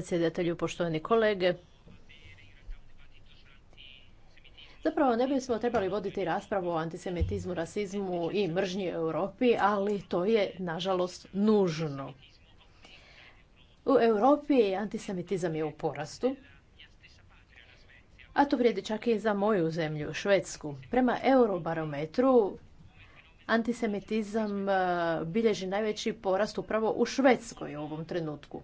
predsjedatelju, poštovani kolege. Zapravo ne bismo trebali voditi raspravu o antisemitizmu, rasizmu i mržnji u Europi, ali to je nažalost nužno. U Europi antisemitizam je u porastu, a to vrijedi čak i za moju zemlju, Švedsku. Prema Eurobarometru antisemitizam eh, bilježi najveći porast upravo u Švedskoj u ovom trenutku.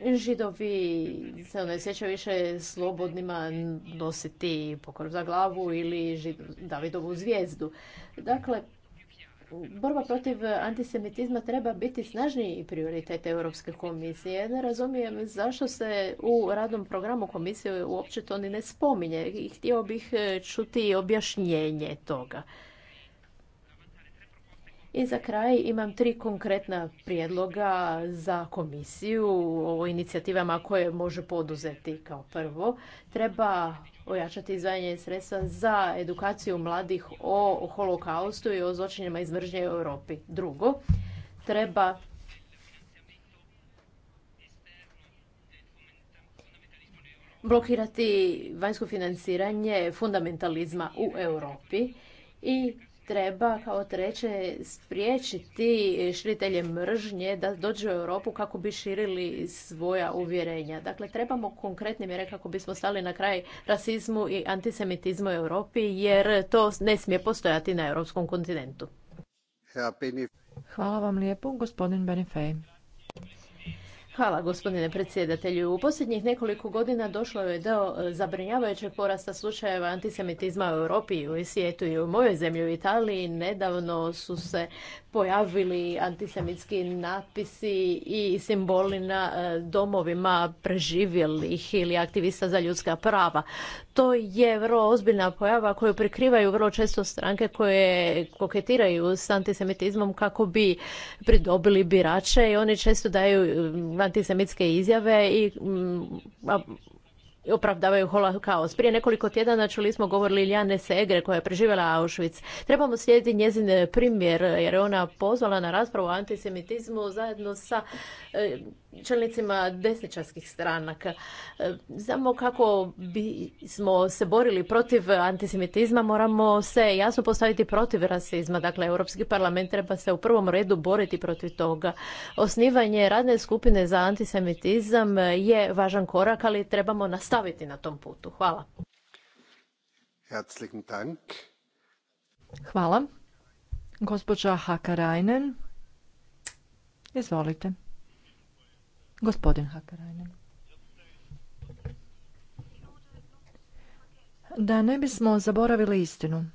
Židovi se ne sjećaju više slobodnima nositi pokor za glavu ili Davidovu zvijezdu. Dakle, borba protiv antisemitizma treba biti snažniji prioritet Europske komisije. Ne razumijem zašto se u radnom programu komisije uopće to ni ne spominje. Htio bih čuti objašnjenje toga. I za kraj imam tri konkretna prijedloga za komisiju o inicijativama koje može poduzeti kao prvo. Treba ojačati izvajanje sredstva za edukaciju mladih o holokaustu i o zločinima iz u Europi. Drugo, treba blokirati vanjsko financiranje fundamentalizma u Europi i treba kao treće spriječiti širitelje mržnje da dođu u Europu kako bi širili svoja uvjerenja. Dakle, trebamo konkretne mjere kako bismo stali na kraj rasizmu i antisemitizmu u Europi jer to ne smije postojati na europskom kontinentu. Hvala vam lijepo, gospodin Hvala gospodine predsjedatelju. U posljednjih nekoliko godina došlo je do e, zabrinjavajućeg porasta slučajeva antisemitizma u Europi i u svijetu i u mojoj zemlji u Italiji. Nedavno su se pojavili antisemitski natpisi i simboli na e, domovima preživjelih ili aktivista za ljudska prava. To je vrlo ozbiljna pojava koju prikrivaju vrlo često stranke koje koketiraju s antisemitizmom kako bi pridobili birače i oni često daju e, antisemitske izjave mm, i opravdavaju holokaust. Prije nekoliko tjedana čuli smo govor Liljane Segre koja je preživjela Auschwitz. Trebamo slijediti njezin primjer jer je ona pozvala na raspravu o antisemitizmu zajedno sa e, čelnicima desničarskih stranaka. E, Znamo kako bismo se borili protiv antisemitizma, moramo se jasno postaviti protiv rasizma. Dakle, Europski parlament treba se u prvom redu boriti protiv toga. Osnivanje radne skupine za antisemitizam je važan korak, ali trebamo nastaviti na tom putu. Hvala. Herzlichen Dank. Hvala. Gospođa Hakarajnen. Izvolite. Gospodin Hakarajnen. Da ne bismo zaboravili istinu.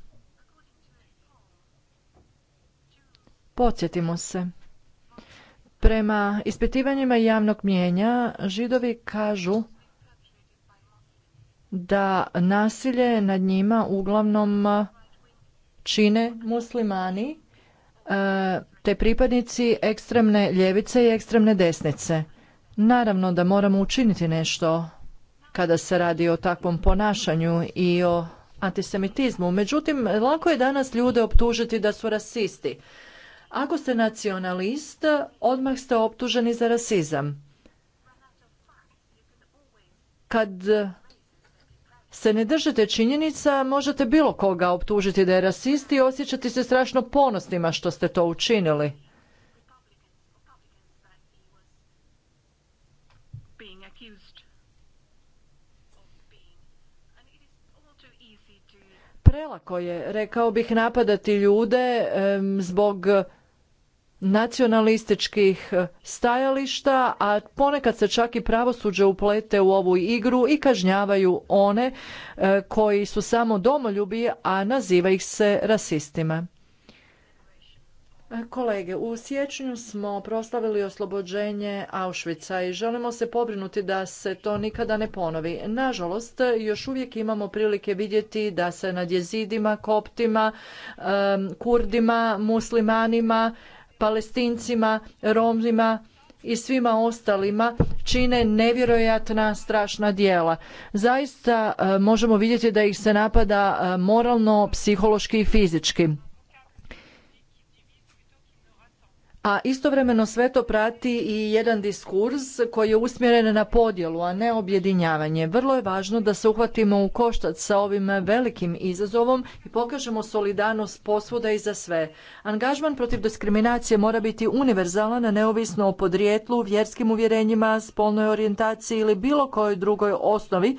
Podsjetimo se. Prema ispitivanjima javnog mjenja, židovi kažu da nasilje nad njima uglavnom čine muslimani e, te pripadnici ekstremne ljevice i ekstremne desnice. Naravno da moramo učiniti nešto kada se radi o takvom ponašanju i o antisemitizmu. Međutim, lako je danas ljude optužiti da su rasisti. Ako ste nacionalist, odmah ste optuženi za rasizam. Kad se ne držite činjenica, možete bilo koga optužiti da je rasist i osjećati se strašno ponosnima što ste to učinili. Prelako je, rekao bih, napadati ljude zbog nacionalističkih e, stajališta, a ponekad se čak i pravosuđe uplete u ovu igru i kažnjavaju one e, koji su samo domoljubi, a naziva ih se rasistima. Kolege, u siječnju smo proslavili oslobođenje Auschwitza i želimo se pobrinuti da se to nikada ne ponovi. Nažalost, još uvijek imamo prilike vidjeti da se nad jezidima, koptima, kurdima, muslimanima, palestincima, romima i svima ostalima čine nevjerojatna strašna djela. Zaista možemo vidjeti da ih se napada moralno, psihološki i fizički. a istovremeno sve to prati i jedan diskurs koji je usmjeren na podjelu, a ne objedinjavanje. Vrlo je važno da se uhvatimo u koštac sa ovim velikim izazovom i pokažemo solidarnost posvuda i za sve. Angažman protiv diskriminacije mora biti univerzalan, neovisno o podrijetlu, vjerskim uvjerenjima, spolnoj orijentaciji ili bilo kojoj drugoj osnovi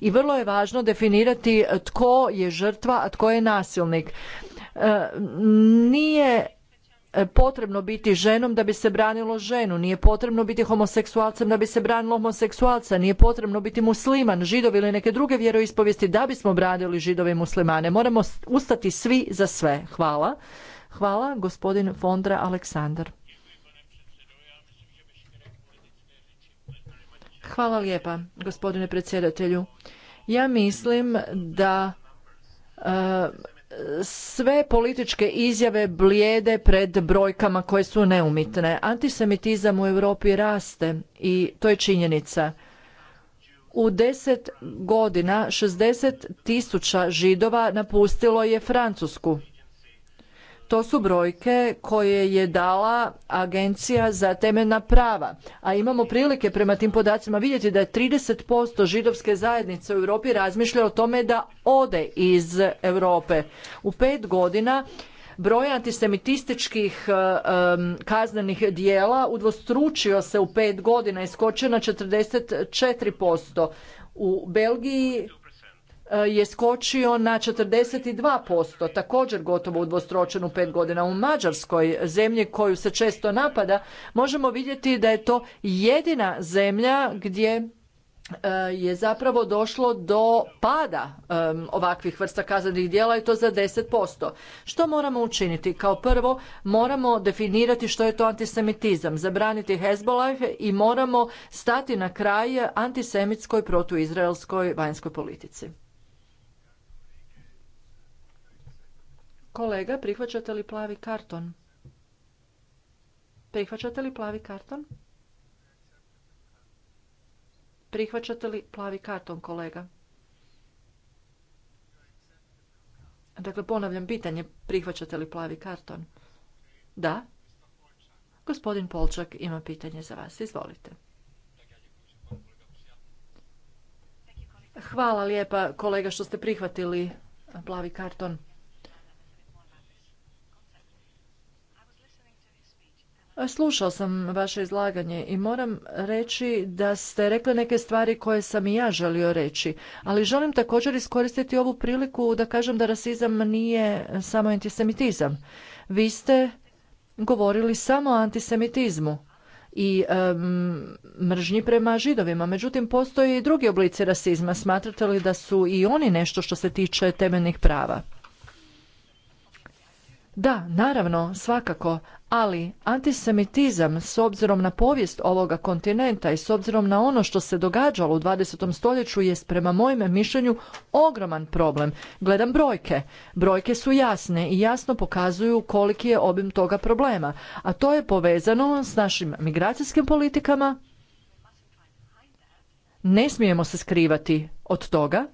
i vrlo je važno definirati tko je žrtva, a tko je nasilnik. E, nije E, potrebno biti ženom da bi se branilo ženu, nije potrebno biti homoseksualcem da bi se branilo homoseksualca, nije potrebno biti musliman, židov ili neke druge vjeroispovijesti da bismo branili židove i muslimane. Moramo ustati svi za sve. Hvala. Hvala, gospodin Fondra Aleksandar. Hvala lijepa, gospodine predsjedatelju. Ja mislim da e, sve političke izjave blijede pred brojkama koje su neumitne. Antisemitizam u Europi raste i to je činjenica. U deset godina 60 tisuća židova napustilo je Francusku to su brojke koje je dala Agencija za temeljna prava, a imamo prilike prema tim podacima vidjeti da je 30% židovske zajednice u Europi razmišlja o tome da ode iz Europe. U pet godina broj antisemitističkih e, kaznenih dijela udvostručio se u pet godina i skočio na 44%. U Belgiji E, je skočio na 42%, također gotovo u dvostročenu pet godina. U Mađarskoj, zemlji koju se često napada, možemo vidjeti da je to jedina zemlja gdje e, je zapravo došlo do pada e, ovakvih vrsta kaznenih djela i to za 10%. Što moramo učiniti? Kao prvo moramo definirati što je to antisemitizam, zabraniti Hezbollah i moramo stati na kraj antisemitskoj protuizraelskoj vanjskoj politici. Kolega, prihvaćate li plavi karton? Prihvaćate li plavi karton? Prihvaćate li plavi karton, kolega? Dakle, ponavljam pitanje, prihvaćate li plavi karton? Da. Gospodin Polčak ima pitanje za vas. Izvolite. Hvala lijepa kolega što ste prihvatili plavi karton. Slušao sam vaše izlaganje i moram reći da ste rekli neke stvari koje sam i ja želio reći, ali želim također iskoristiti ovu priliku da kažem da rasizam nije samo antisemitizam. Vi ste govorili samo o antisemitizmu i mržnji prema židovima. Međutim, postoje i drugi oblici rasizma. Smatrate li da su i oni nešto što se tiče temeljnih prava? Da, naravno, svakako, ali antisemitizam s obzirom na povijest ovoga kontinenta i s obzirom na ono što se događalo u 20. stoljeću je prema mojem mišljenju ogroman problem. Gledam brojke. Brojke su jasne i jasno pokazuju koliki je obim toga problema, a to je povezano s našim migracijskim politikama. Ne smijemo se skrivati od toga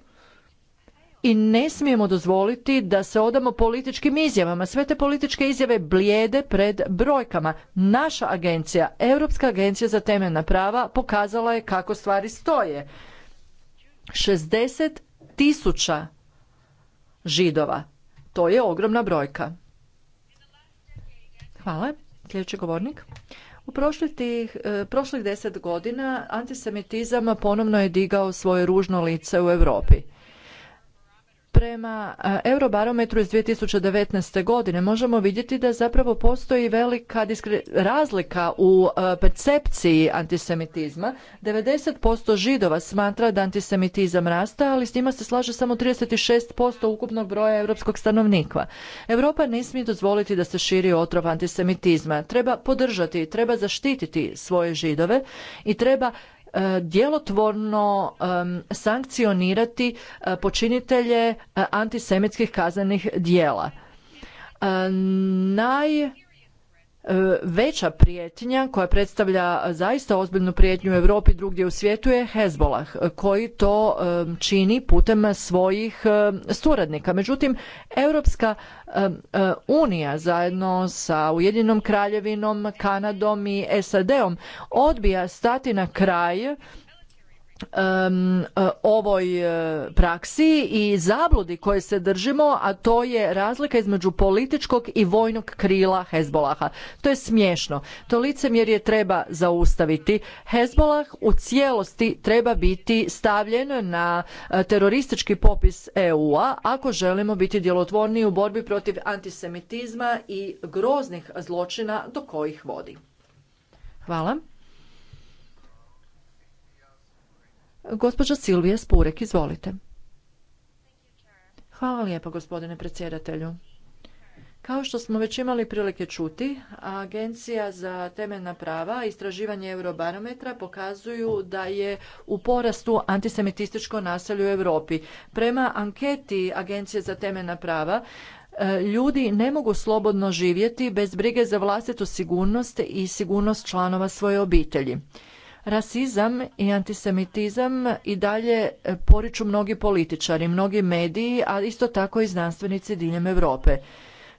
i ne smijemo dozvoliti da se odamo političkim izjavama. Sve te političke izjave blijede pred brojkama. Naša agencija, Europska agencija za temeljna prava, pokazala je kako stvari stoje. 60 tisuća židova. To je ogromna brojka. Hvala. Sljedeći govornik. U prošlih, eh, prošlih deset godina antisemitizam ponovno je digao svoje ružno lice u Europi. Prema e, Eurobarometru iz 2019. godine možemo vidjeti da zapravo postoji velika razlika u e, percepciji antisemitizma. 90% židova smatra da antisemitizam rasta, ali s njima se slaže samo 36% ukupnog broja europskog stanovnika. Europa ne smije dozvoliti da se širi otrov antisemitizma. Treba podržati, treba zaštititi svoje židove i treba E, djelotvorno e, sankcionirati e, počinitelje antisemitskih kaznenih djela. Naj E, veća prijetnja koja predstavlja zaista ozbiljnu prijetnju u Europi drugdje u svijetu je Hezbollah koji to e, čini putem svojih e, suradnika. Međutim, Europska unija zajedno sa Ujedinjenom kraljevinom, Kanadom i SAD-om odbija stati na kraj E, ovoj e, praksi i zabludi koje se držimo, a to je razlika između političkog i vojnog krila Hezbolaha. To je smiješno. To licemjerje treba zaustaviti. Hezbolah u cijelosti treba biti stavljen na e, teroristički popis EU-a ako želimo biti djelotvorniji u borbi protiv antisemitizma i groznih zločina do kojih vodi. Hvala. Gospođa Silvija Spurek, izvolite. Hvala lijepo gospodine predsjedatelju. Kao što smo već imali prilike čuti, Agencija za temeljna prava i istraživanje Eurobarometra pokazuju da je u porastu antisemitističko naselje u Europi. Prema anketi Agencije za temeljna prava, e, ljudi ne mogu slobodno živjeti bez brige za vlastitu sigurnost i sigurnost članova svoje obitelji. Rasizam i antisemitizam i dalje e, poriču mnogi političari, mnogi mediji, a isto tako i znanstvenici diljem Europe.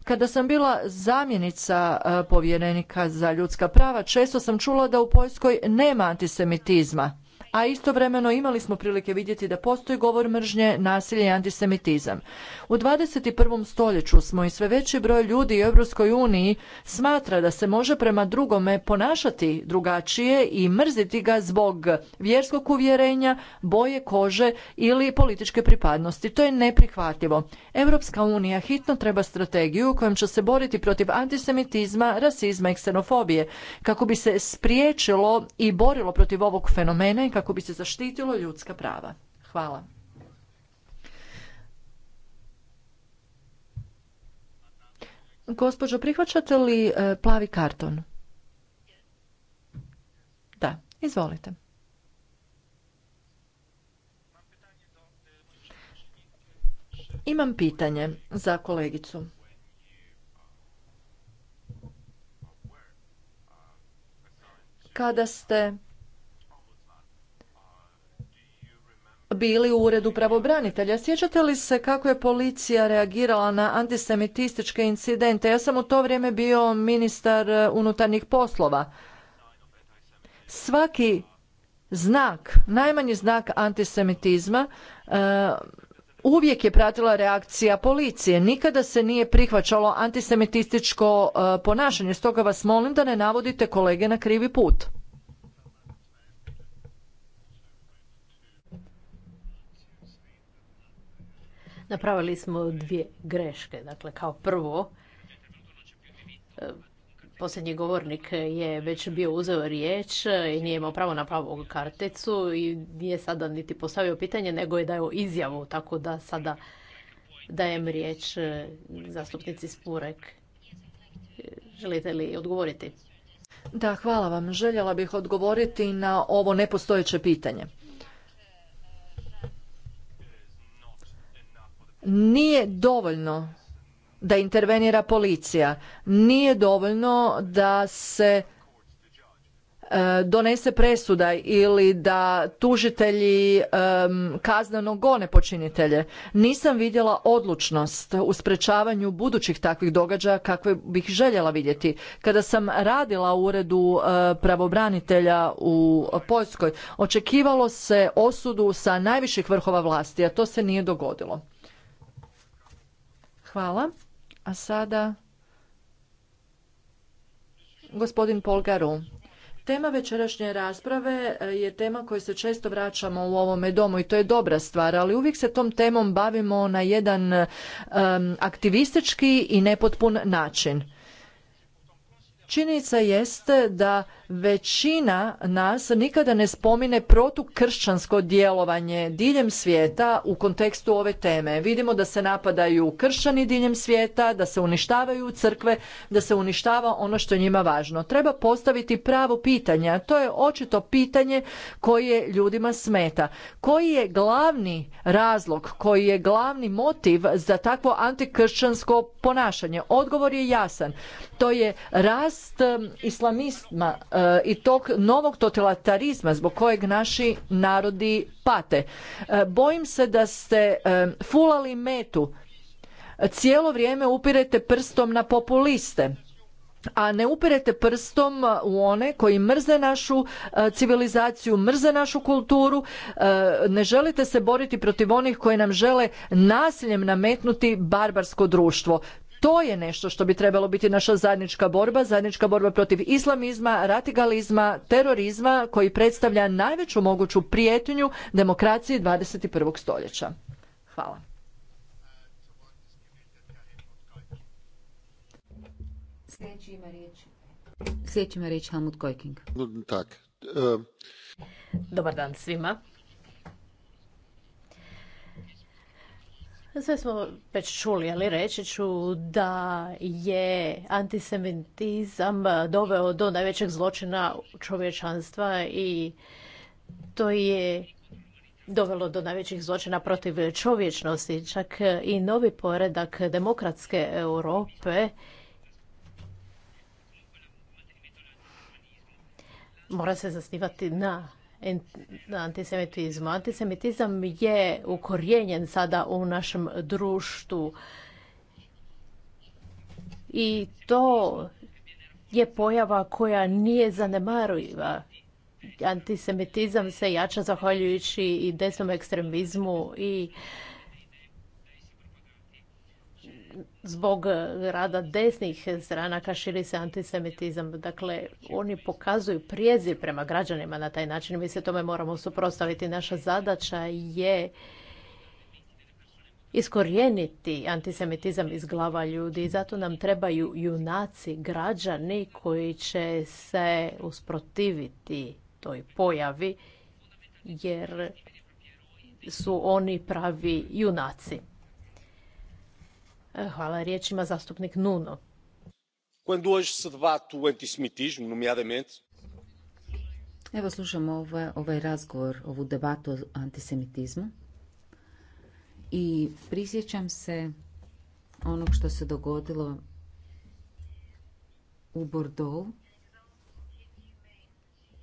Kada sam bila zamjenica e, povjerenika za ljudska prava, često sam čula da u Poljskoj nema antisemitizma a istovremeno imali smo prilike vidjeti da postoji govor mržnje, nasilje i antisemitizam. U 21. stoljeću smo i sve veći broj ljudi u Europskoj uniji smatra da se može prema drugome ponašati drugačije i mrziti ga zbog vjerskog uvjerenja, boje kože ili političke pripadnosti. To je neprihvatljivo. Europska unija hitno treba strategiju kojom će se boriti protiv antisemitizma, rasizma i ksenofobije kako bi se spriječilo i borilo protiv ovog fenomena i kako bi se zaštitilo ljudska prava. Hvala. Gospođo, prihvaćate li e, plavi karton? Da, izvolite. Imam pitanje za kolegicu. Kada ste bili u uredu pravobranitelja. Sjećate li se kako je policija reagirala na antisemitističke incidente? Ja sam u to vrijeme bio ministar e, unutarnjih poslova. Svaki znak, najmanji znak antisemitizma e, uvijek je pratila reakcija policije. Nikada se nije prihvaćalo antisemitističko e, ponašanje. Stoga vas molim da ne navodite kolege na krivi put. Napravili smo dvije greške. Dakle, kao prvo, e, posljednji govornik je već bio uzeo riječ i nije imao pravo na pravu karticu i nije sada niti postavio pitanje, nego je dao izjavu, tako da sada dajem riječ e, zastupnici Spurek. Želite li odgovoriti? Da, hvala vam. Željela bih odgovoriti na ovo nepostojeće pitanje. Nije dovoljno da intervenira policija, nije dovoljno da se e, donese presuda ili da tužitelji e, kazneno gone počinitelje. Nisam vidjela odlučnost u sprečavanju budućih takvih događaja kakve bih željela vidjeti. Kada sam radila u uredu e, pravobranitelja u Poljskoj, očekivalo se osudu sa najviših vrhova vlasti, a to se nije dogodilo. Hvala. A sada gospodin Polgaru. Tema večerašnje rasprave e, je tema koju se često vraćamo u ovome domu i to je dobra stvar, ali uvijek se tom temom bavimo na jedan e, aktivistički i nepotpun način. Činjenica jest da Većina nas nikada ne spomine protukršćansko djelovanje diljem svijeta u kontekstu ove teme. Vidimo da se napadaju kršćani diljem svijeta, da se uništavaju crkve, da se uništava ono što njima važno. Treba postaviti pravo pitanje, a to je očito pitanje koje ljudima smeta. Koji je glavni razlog, koji je glavni motiv za takvo antikršćansko ponašanje? Odgovor je jasan. To je rast um, islamizma, Eh, i tog novog totalitarizma zbog kojeg naši narodi pate. Eh, bojim se da ste eh, fulali metu. Cijelo vrijeme upirete prstom na populiste a ne upirete prstom u one koji mrze našu civilizaciju, mrze našu kulturu, ne želite se boriti protiv onih koji nam žele nasiljem nametnuti barbarsko društvo. To je nešto što bi trebalo biti naša zajednička borba, zajednička borba protiv islamizma, radikalizma, terorizma koji predstavlja najveću moguću prijetnju demokraciji 21. stoljeća. Hvala. Sljedeći ima riječ. Kojking. E, Dobar dan svima. Sve smo već čuli, ali reći ću da je antisemitizam doveo do najvećeg zločina čovječanstva i to je dovelo do najvećih zločina protiv čovječnosti. Čak i novi poredak demokratske Europe mora se zasnivati na antisemitizmu. Antisemitizam je ukorijenjen sada u našem društvu i to je pojava koja nije zanemarujiva. Antisemitizam se jača zahvaljujući i desnom ekstremizmu i zbog eh, rada desnih stranaka širi se antisemitizam. Dakle, oni pokazuju prijezir prema građanima na taj način. Mi se tome moramo suprotstaviti. Naša zadaća je iskorijeniti antisemitizam iz glava ljudi i zato nam trebaju junaci, građani koji će se usprotiviti toj pojavi jer su oni pravi junaci. Eh, hvala riječima zastupnik Nuno. Evo slušamo ovaj, razgovor, ovu debatu o antisemitizmu i prisjećam se onog što se dogodilo u Bordeauxu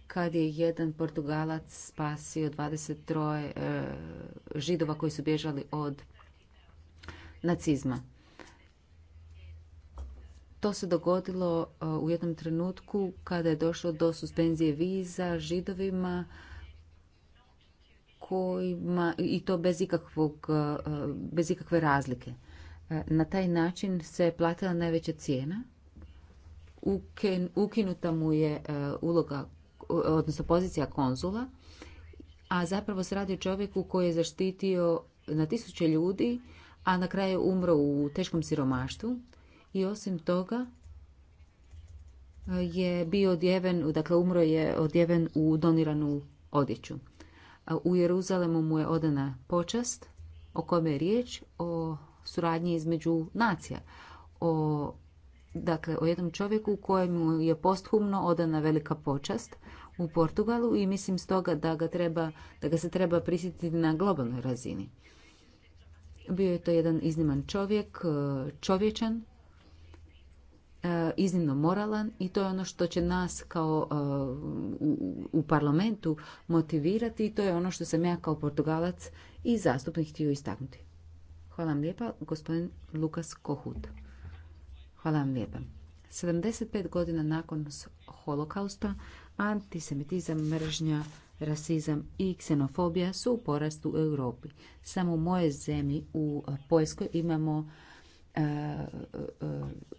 kad je jedan Portugalac spasio 23 e, eh, židova koji su bježali od nacizma. To se dogodilo e, u jednom trenutku kada je došlo do suspenzije viza židovima kojima, i to bez, ikakvog, e, bez ikakve razlike. E, na taj način se je platila najveća cijena. Ukinuta mu je uloga, odnosno pozicija konzula, a zapravo se radi o čovjeku koji je zaštitio na tisuće ljudi, a na kraju umro u teškom siromaštvu i osim toga je bio odjeven, dakle umro je odjeven u doniranu odjeću. U Jeruzalemu mu je odana počast o kome je riječ o suradnji između nacija, o dakle o jednom čovjeku kojemu je posthumno odana velika počast u Portugalu i mislim stoga da ga treba, da ga se treba prisjetiti na globalnoj razini. Bio je to jedan izniman čovjek, čovječan, E, iznimno moralan i to je ono što će nas kao e, u parlamentu motivirati i to je ono što sam ja kao portugalac i zastupnik htio istaknuti. Hvala vam lijepa, gospodin Lukas Kohut. Hvala vam lijepa. 75 godina nakon holokausta antisemitizam, mržnja, rasizam i ksenofobija su u porastu u Europi. Samo u moje zemlji u Poljskoj imamo E, e,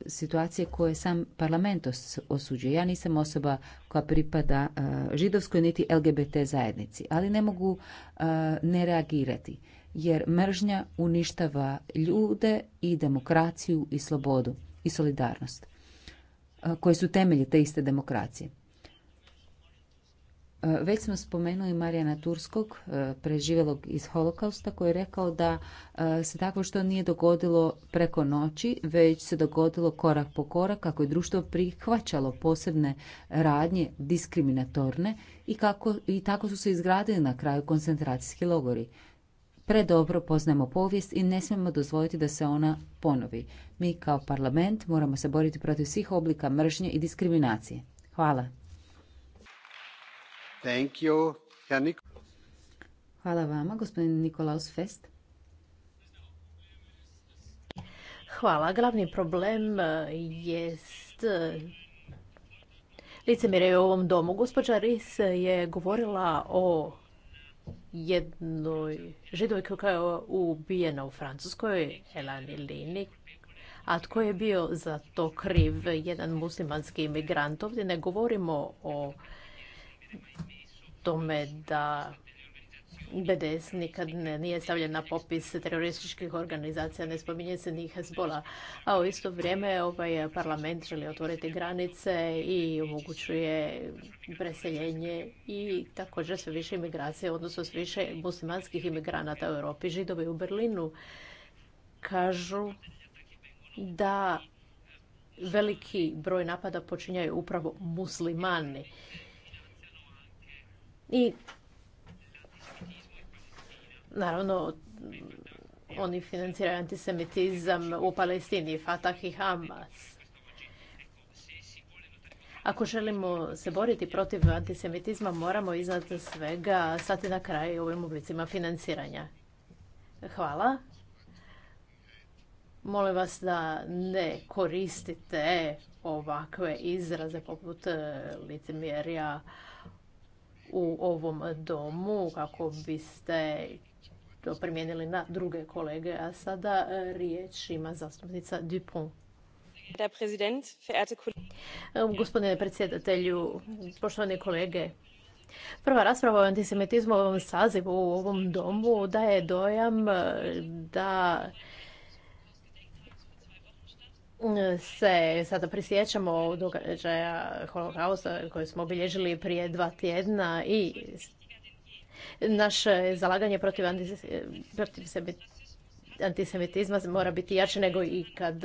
situacije koje sam parlament osuđuje. Ja nisam osoba koja pripada e, židovskoj niti LGBT zajednici, ali ne mogu ne reagirati jer mržnja uništava ljude i demokraciju i slobodu i solidarnost koji su temelje te iste demokracije. E, već smo spomenuli Marijana Turskog, e, preživjelog iz holokausta, koji je rekao da e, se tako što nije dogodilo preko noći, već se dogodilo korak po korak kako je društvo prihvaćalo posebne radnje diskriminatorne i, kako, i tako su se izgradili na kraju koncentracijski logori. Predobro poznajemo povijest i ne smijemo dozvoliti da se ona ponovi. Mi kao parlament moramo se boriti protiv svih oblika mržnje i diskriminacije. Hvala. Hvala vama, gospodin Nikolaus Fest. Hvala. Glavni problem e, jest e, licemjerje u ovom domu. Gospođa Ris je govorila o jednoj židovi koja je ubijena u Francuskoj, Elani Lini, a tko je bio za to kriv? Jedan muslimanski imigrant. Ovdje ne govorimo o tome da BDS nikad ne, nije stavljen na popis terorističkih organizacija, ne spominje se ni Hezbola. A u isto vrijeme ovaj parlament želi otvoriti granice i omogućuje preseljenje i također sve više imigracije, odnosno sve više muslimanskih imigranata u Europi. Židovi u Berlinu kažu da veliki broj napada počinjaju upravo muslimani. I naravno oni financiraju antisemitizam u Palestini, Fatah i Hamas. Ako želimo se boriti protiv antisemitizma, moramo iznad svega stati na kraj ovim oblicima financiranja. Hvala. Molim vas da ne koristite ovakve izraze poput e, licemjerja, u ovom domu kako biste to primijenili na druge kolege. A sada e, riječ ima zastupnica Dupont. Gospodine predsjedatelju, poštovane kolege, Prva rasprava o antisemitizmu u ovom sazivu u ovom domu daje dojam e, da se sada prisjećamo događaja holokausta koje smo obilježili prije dva tjedna i naše zalaganje protiv, antisemitizma mora biti jače nego i kad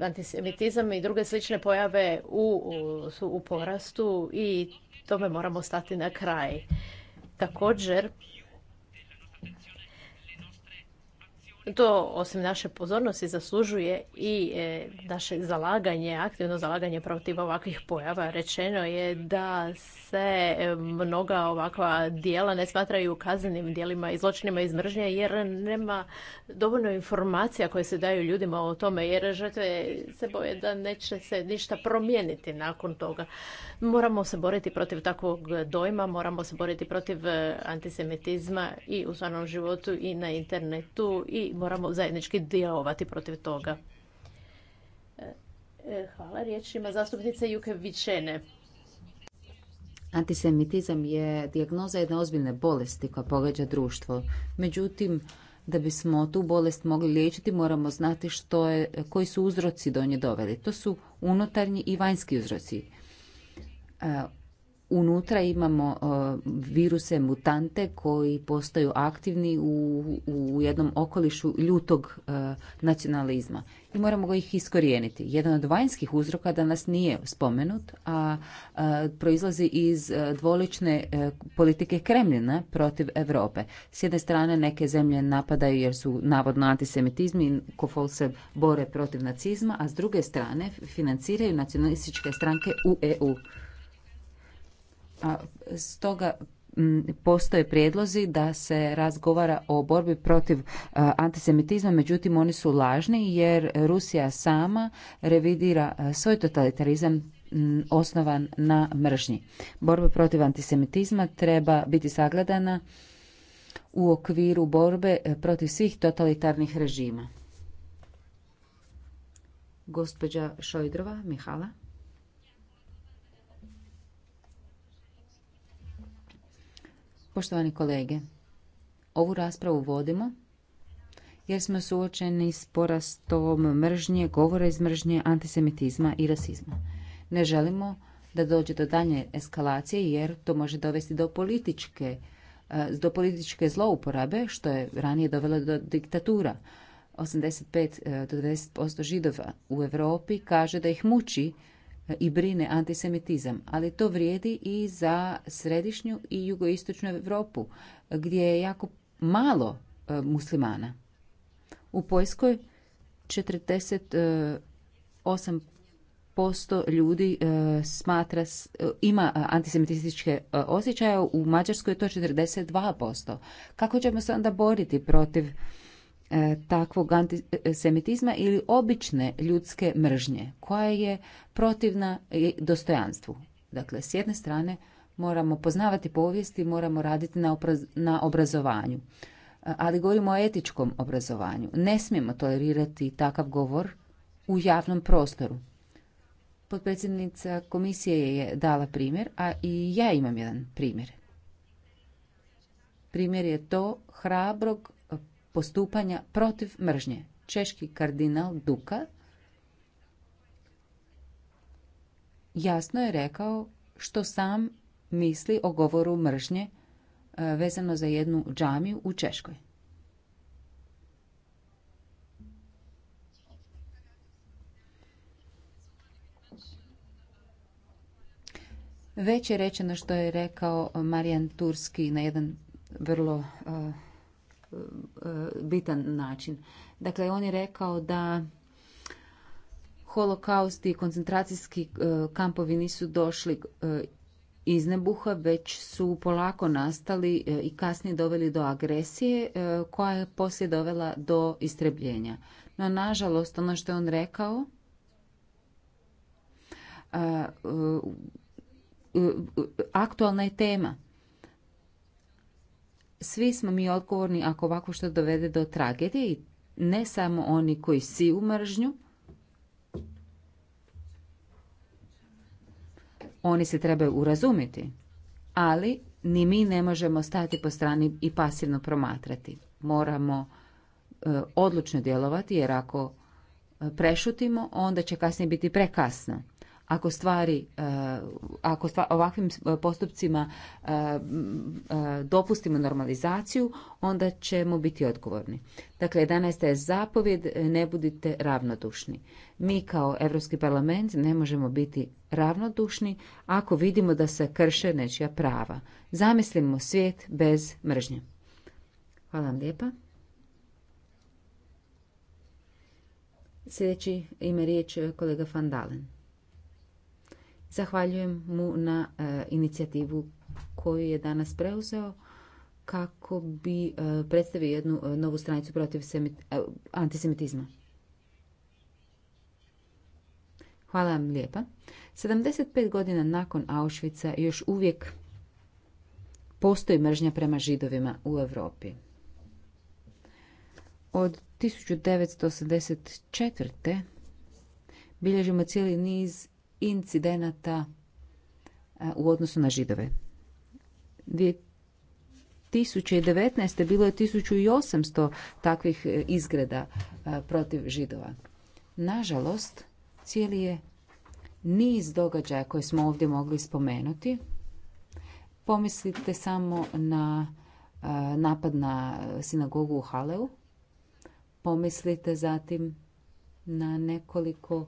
antisemitizam i druge slične pojave u, su u porastu i tome moramo stati na kraj. Također, To osim naše pozornosti zaslužuje i e, naše zalaganje, aktivno zalaganje protiv ovakvih pojava. Rečeno je da se e, mnoga ovakva dijela ne smatraju kaznenim dijelima i zločinima iz mržnje jer nema dovoljno informacija koje se daju ljudima o tome jer žrtve se boje da neće se ništa promijeniti nakon toga. Moramo se boriti protiv takvog dojma, moramo se boriti protiv e, antisemitizma i u stvarnom životu i na internetu i moramo zajednički djelovati protiv toga. E, e, hvala. Riječ zastupnice Juke Vičene. Antisemitizam je dijagnoza jedne ozbiljne bolesti koja pogađa društvo. Međutim, da bismo tu bolest mogli liječiti, moramo znati što je, koji su uzroci do nje doveli. To su unutarnji i vanjski uzroci. E, unutra imamo e, viruse mutante koji postaju aktivni u, u jednom okolišu ljutog e, nacionalizma i moramo ga ih iskorijeniti. Jedan od vanjskih uzroka danas nije spomenut, a e, proizlazi iz dvolične politike Kremljina protiv Europe. S jedne strane neke zemlje napadaju jer su navodno antisemitizmi i kofol se bore protiv nacizma, a s druge strane financiraju nacionalističke stranke u EU. A stoga postoje prijedlozi da se razgovara o borbi protiv e, antisemitizma, međutim oni su lažni jer Rusija sama revidira e, svoj totalitarizam osnovan na mržnji. Borba protiv antisemitizma treba biti sagledana u okviru borbe e, protiv svih totalitarnih režima. Gospođa Šojdrova, Mihala. Poštovani kolege, ovu raspravu vodimo jer smo suočeni s porastom mržnje, govora iz mržnje, antisemitizma i rasizma. Ne želimo da dođe do dalje eskalacije jer to može dovesti do političke, eh, do političke zlouporabe što je ranije dovelo do diktatura. 85 eh, do 90% židova u Europi kaže da ih muči i brine antisemitizam, ali to vrijedi i za središnju i jugoistočnu Europu gdje je jako malo e, muslimana. U Poljskoj 48% ljudi e, smatra e, ima antisemitističke osjećaje, u Mađarskoj je to 42%. Kako ćemo se onda boriti protiv E, takvog antisemitizma ili obične ljudske mržnje koja je protivna dostojanstvu. Dakle, s jedne strane moramo poznavati povijest i moramo raditi na obrazovanju. E, ali govorimo o etičkom obrazovanju. Ne smijemo tolerirati takav govor u javnom prostoru. Potpredsjednica komisije je dala primjer, a i ja imam jedan primjer. Primjer je to hrabrog postupanja protiv mržnje. Češki kardinal Duka jasno je rekao što sam misli o govoru mržnje e, vezano za jednu džamiju u Češkoj. Već je rečeno što je rekao Marijan Turski na jedan vrlo e, bitan način. Dakle, on je rekao da holokaust i koncentracijski e, kampovi nisu došli e, iz nebuha, već su polako nastali e, i kasnije doveli do agresije koja je poslije dovela do istrebljenja. No, nažalost, ono što je on rekao, aktualna je tema svi smo mi odgovorni ako ovako što dovede do tragedije i ne samo oni koji siju mržnju, oni se trebaju urazumiti, ali ni mi ne možemo stati po strani i pasivno promatrati. Moramo e, odlučno djelovati jer ako e, prešutimo, onda će kasnije biti prekasno ako stvari, e, ako ovakvim postupcima e, e, dopustimo normalizaciju, onda ćemo biti odgovorni. Dakle, 11. je zapovjed, ne budite ravnodušni. Mi kao Europski parlament ne možemo biti ravnodušni ako vidimo da se krše nečija prava. Zamislimo svijet bez mržnje. Hvala vam lijepa. Sljedeći ima riječ kolega Van Dalen. Zahvaljujem mu na e, inicijativu koju je danas preuzeo kako bi e, predstavio jednu e, novu stranicu protiv antisemitizma. Hvala vam lijepa. 75 godina nakon Auschwitza još uvijek postoji mržnja prema židovima u Europi. Od 1984. bilježimo cijeli niz incidenata e, u odnosu na židove. 2019. bilo je 1800 takvih e, izgreda e, protiv židova. Nažalost, cijeli je niz događaja koje smo ovdje mogli spomenuti. Pomislite samo na napad na sinagogu u Haleu. Pomislite zatim na nekoliko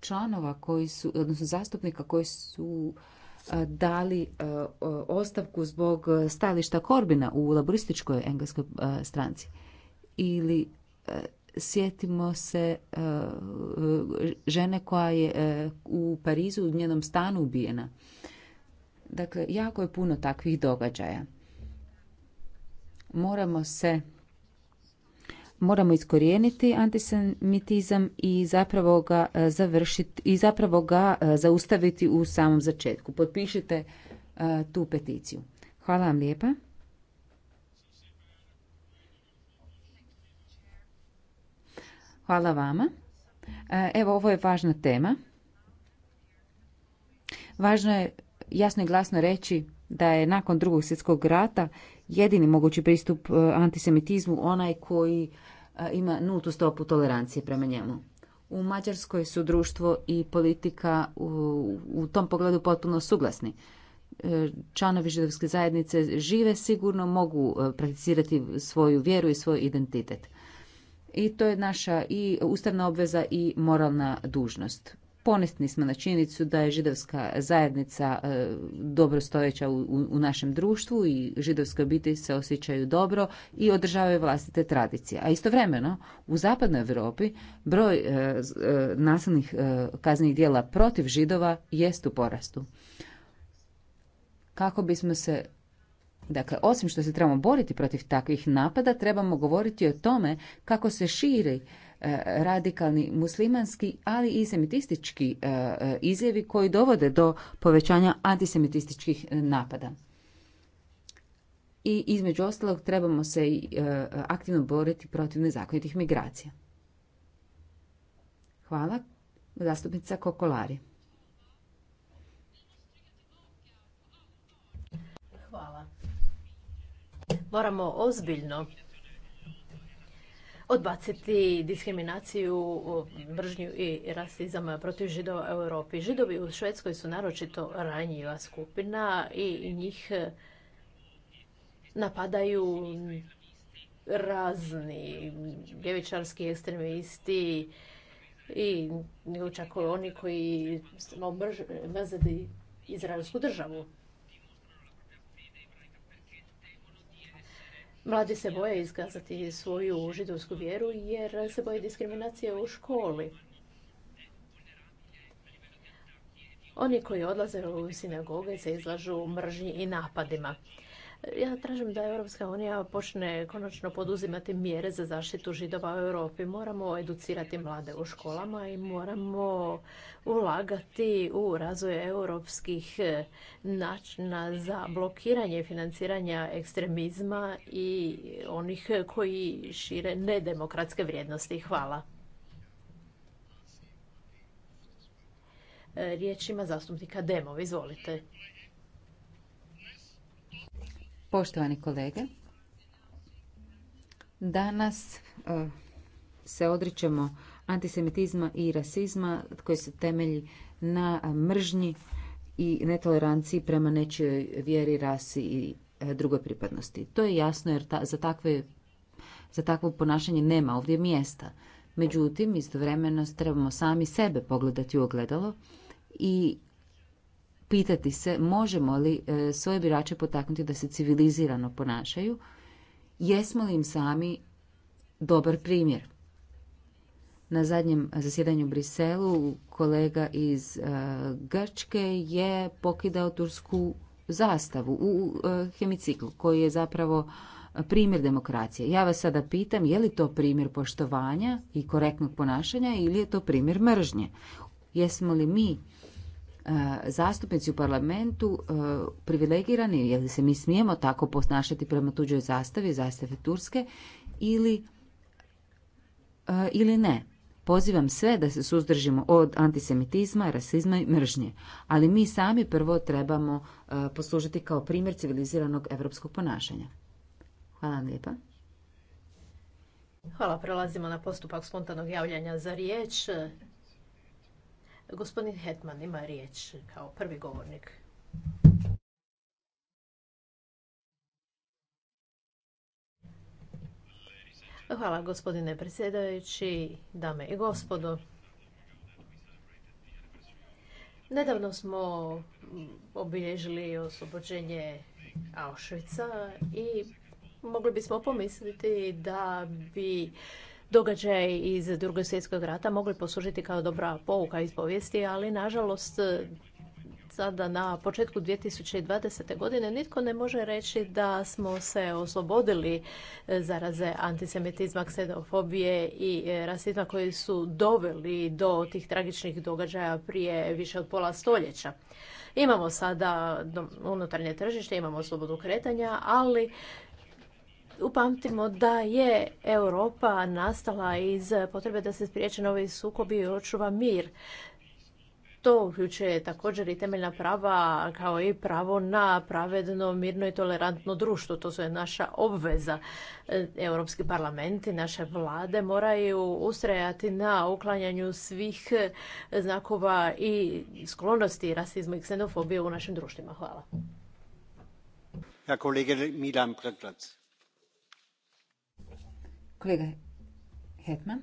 članova koji su, odnosno zastupnika koji su e, dali e, ostavku zbog stajališta Korbina u laborističkoj engleskoj e, stranci. Ili sjetimo se žene koja je u Parizu u njenom stanu ubijena. Dakle, jako je puno takvih događaja. Moramo se moramo iskorijeniti antisemitizam i zapravo ga e, završiti i zapravo ga e, zaustaviti u samom začetku. Potpišite e, tu peticiju. Hvala vam lijepa. Hvala vama. Evo, ovo je važna tema. Važno je jasno i glasno reći da je nakon drugog svjetskog rata jedini mogući pristup antisemitizmu onaj koji ima nultu stopu tolerancije prema njemu. U Mađarskoj su društvo i politika u, u tom pogledu potpuno suglasni. E, članovi židovske zajednice žive sigurno, mogu e, prakticirati svoju vjeru i svoj identitet. I to je naša i ustavna obveza i moralna dužnost. Ponesni smo na činjenicu da je židovska zajednica e, dobro stojeća u našem društvu i židovske obitelji se osjećaju dobro i održavaju vlastite tradicije. A istovremeno u zapadnoj Europi broj e, e, nasilnih kaznih djela protiv židova jest u porastu. Kako bismo se Dakle, osim što se trebamo boriti protiv takvih napada, trebamo govoriti o tome kako se širi E, radikalni muslimanski, ali i semitistički e, e, izjevi koji dovode do povećanja antisemitističkih napada. I između ostalog trebamo se i aktivno boriti protiv nezakonitih migracija. Hvala. Zastupnica Kokolari. Hvala. Moramo ozbiljno odbaciti diskriminaciju, mržnju i rasizam protiv židova u Europi. Židovi u Švedskoj su naročito ranjiva skupina i njih e, napadaju razni ljevičarski ekstremisti i čak oni koji mrze izraelsku državu. Mladi se boje iskazati svoju židovsku vjeru jer se boje diskriminacije u školi. Oni koji odlaze u sinagoge se izlažu mržnji i napadima. Ja tražim da Europska unija počne konačno poduzimati mjere za zaštitu židova u Europi. Moramo educirati mlade u školama i moramo ulagati u razvoj europskih e, načina za blokiranje financiranja ekstremizma i onih koji šire nedemokratske vrijednosti. Hvala. E, riječ ima zastupnika Demov. Izvolite. Poštovani kolege, danas e, se odričemo antisemitizma i rasizma koji se temelji na mržnji i netoleranciji prema nečijoj vjeri, rasi i e, drugoj pripadnosti. To je jasno jer za, takve, za takvo ponašanje nema ovdje mjesta. Međutim, istovremeno trebamo sami sebe pogledati u ogledalo i pitati se možemo li e, svoje birače potaknuti da se civilizirano ponašaju, jesmo li im sami dobar primjer. Na zadnjem zasjedanju u Briselu kolega iz e, Grčke je pokidao tursku zastavu u e, hemiciklu koji je zapravo primjer demokracije. Ja vas sada pitam je li to primjer poštovanja i korektnog ponašanja ili je to primjer mržnje. Jesmo li mi E, zastupnici u parlamentu e, privilegirani, jer se mi smijemo tako ponašati prema tuđoj zastavi, zastave Turske, ili, e, ili ne. Pozivam sve da se suzdržimo od antisemitizma, rasizma i mržnje, ali mi sami prvo trebamo poslužiti kao primjer civiliziranog evropskog ponašanja. Hvala vam lijepa. Hvala, prelazimo na postupak spontanog javljanja za riječ. Gospodin Hetman ima riječ kao prvi govornik. Hvala gospodine predsjedajući, dame i gospodo. Nedavno smo obilježili oslobođenje Auschwitza i mogli bismo pomisliti da bi događaji iz drugog svjetskog rata mogli poslužiti kao dobra pouka iz povijesti, ali nažalost sada na početku 2020. godine nitko ne može reći da smo se oslobodili zaraze antisemitizma, ksenofobije i rasizma koji su doveli do tih tragičnih događaja prije više od pola stoljeća. Imamo sada unutarnje tržište, imamo slobodu kretanja, ali upamtimo da je Europa nastala iz potrebe da se spriječe novi sukobi i očuva mir. To uključuje također i temeljna prava kao i pravo na pravedno, mirno i tolerantno društvo. To je naša obveza. Europski parlament i naše vlade moraju ustrajati na uklanjanju svih znakova i sklonosti rasizma i ksenofobije u našim društvima. Hvala. Ja, Milan Kolega Hetman.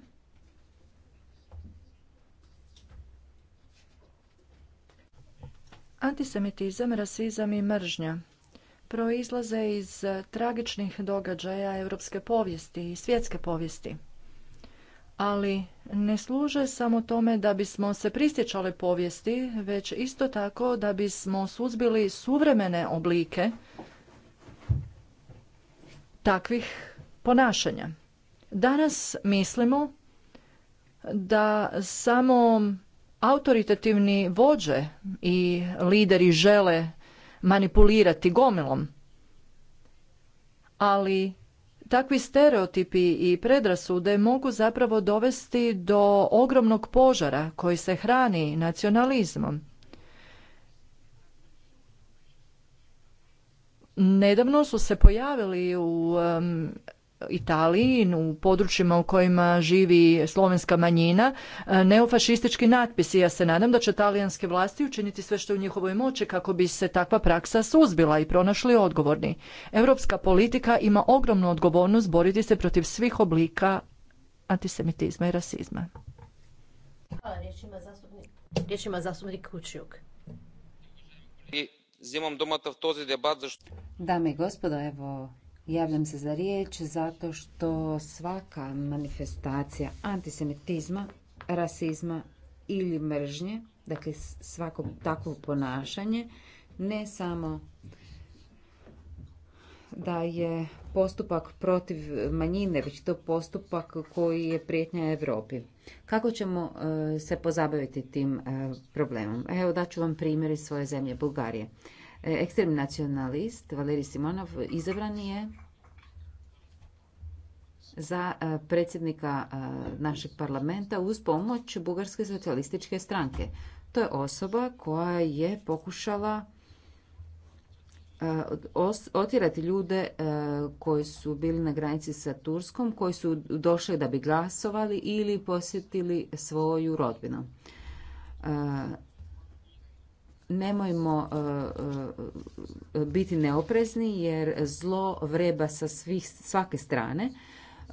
Antisemitizam, rasizam i mržnja proizlaze iz tragičnih događaja europske povijesti i svjetske povijesti. Ali ne služe samo tome da bismo se pristječali povijesti, već isto tako da bismo suzbili suvremene oblike takvih ponašanja. Danas mislimo da samo autoritativni vođe i lideri žele manipulirati gomilom. Ali takvi stereotipi i predrasude mogu zapravo dovesti do ogromnog požara koji se hrani nacionalizmom. Nedavno su se pojavili u Italiji, u područjima u kojima živi slovenska manjina, e, neofašistički natpisi. Ja se nadam da će talijanske vlasti učiniti sve što je u njihovoj moći kako bi se takva praksa suzbila i pronašli odgovorni. Europska politika ima ogromnu odgovornost boriti se protiv svih oblika antisemitizma i rasizma. Hvala, Dame i gospodo, evo Javljam se za riječ zato što svaka manifestacija antisemitizma, rasizma ili mržnje, dakle svako takvo ponašanje, ne samo da je postupak protiv manjine, već to postupak koji je prijetnja Europi. Kako ćemo e, se pozabaviti tim e, problemom? Evo daću vam primjer iz svoje zemlje, Bulgarije. E, ekstremni nacionalist Valerij Simonov izabran je za e, predsjednika e, našeg parlamenta uz pomoć Bugarske socijalističke stranke. To je osoba koja je pokušala otjerati ljude koji su bili na granici sa Turskom, koji su došli da bi glasovali ili posjetili svoju rodbinu nemojmo e, e, biti neoprezni jer zlo vreba sa svih, svake strane.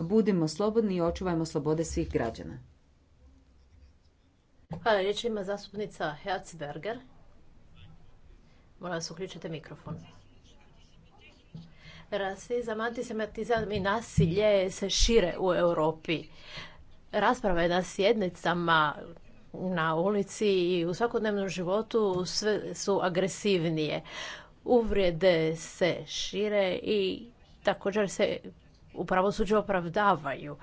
Budimo slobodni i očuvajmo slobode svih građana. Hvala, riječ ima zastupnica Herzberger. Molim vas, uključite mikrofon. Rasizam, antisemitizam i nasilje se šire u Europi Rasprava je na sjednicama na ulici i u svakodnevnom životu sve su agresivnije. Uvrede se šire i također se u pravosuđu opravdavaju.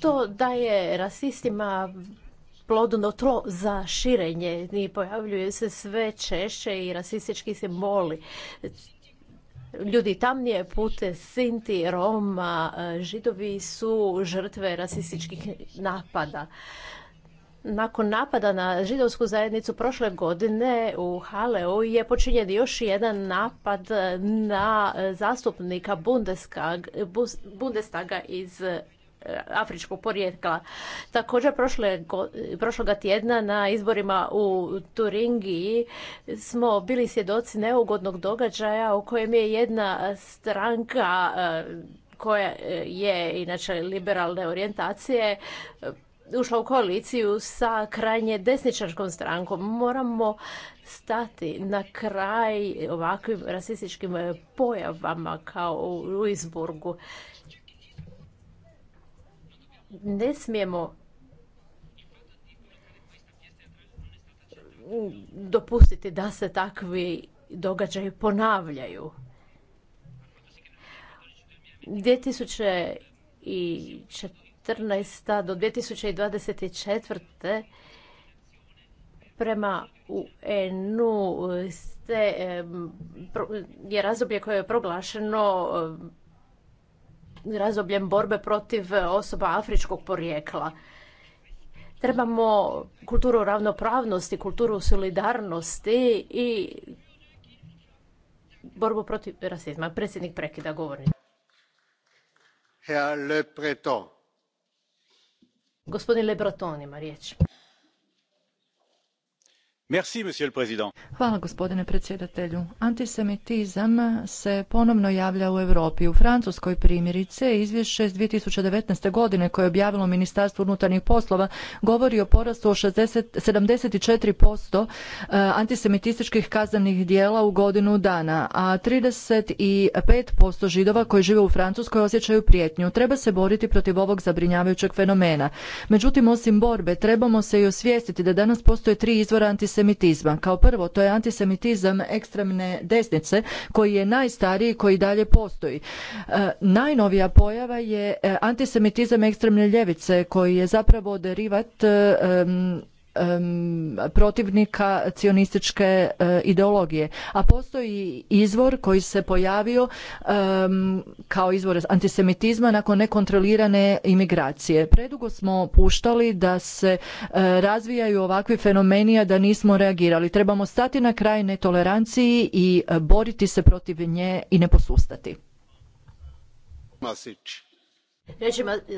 To daje rasistima plodno tlo za širenje i pojavljuje se sve češće i rasistički moli ljudi tamnije pute, Sinti, Roma, e, Židovi su žrtve rasističkih napada. Nakon napada na židovsku zajednicu prošle godine u Haleu je počinjen još jedan napad na zastupnika Bundestaga iz Eh, afričkog porijekla. Također prošle, prošloga tjedna na izborima u Turingiji smo bili svjedoci neugodnog događaja u kojem je jedna stranka eh, koja eh, je inače liberalne orijentacije ušla u koaliciju sa krajnje desničarskom strankom. Moramo stati na kraj ovakvim rasističkim pojavama kao u Luisburgu ne smijemo dopustiti da se takvi događaji ponavljaju. 2014. do 2024. prema UN-u je razdoblje koje je proglašeno razdobljem borbe protiv e, osoba afričkog porijekla. Trebamo kulturu ravnopravnosti, kulturu solidarnosti i borbu protiv rasizma. Predsjednik prekida govornik. Gospodin Le Breton ima Hvala gospodine predsjedatelju. Antisemitizam se ponovno javlja u Europi. U Francuskoj primjerice izvješće iz 2019. godine koje je objavilo Ministarstvo unutarnjih poslova govori o porastu o 60, 74% antisemitističkih kaznenih dijela u godinu dana, a 35% židova koji žive u Francuskoj osjećaju prijetnju. Treba se boriti protiv ovog zabrinjavajućeg fenomena. Međutim, osim borbe, trebamo se i osvijestiti da danas postoje tri izvora antisemitizma antisemitizma. Kao prvo, to je antisemitizam ekstremne desnice koji je najstariji koji dalje postoji. E, najnovija pojava je e, antisemitizam ekstremne ljevice koji je zapravo derivat e, protivnika cionističke e, ideologije. A postoji izvor koji se pojavio kao izvor antisemitizma nakon nekontrolirane imigracije. Predugo smo puštali da se e, razvijaju ovakvi fenomeni, a da nismo reagirali. Trebamo stati na kraj netoleranciji i e, boriti se protiv nje i ne posustati. Masić.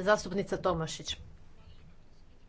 zastupnica Tomašić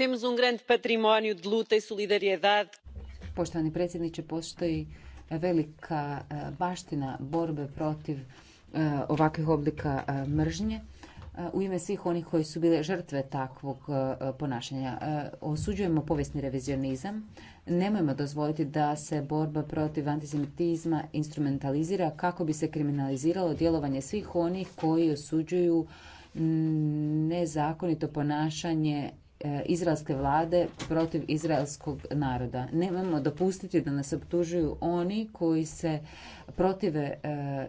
Um i e Poštovani predsjedniče, postoji velika eh, baština borbe protiv eh, ovakvih oblika eh, mržnje u ime svih onih koji su bile žrtve takvog ponašanja. Osuđujemo povijesni revizionizam, nemojmo dozvoliti da se borba protiv antisemitizma instrumentalizira kako bi se kriminaliziralo djelovanje svih onih koji osuđuju mm, nezakonito ponašanje E, izraelske vlade protiv izraelskog naroda. Nemojmo dopustiti da nas optužuju oni koji se protive e,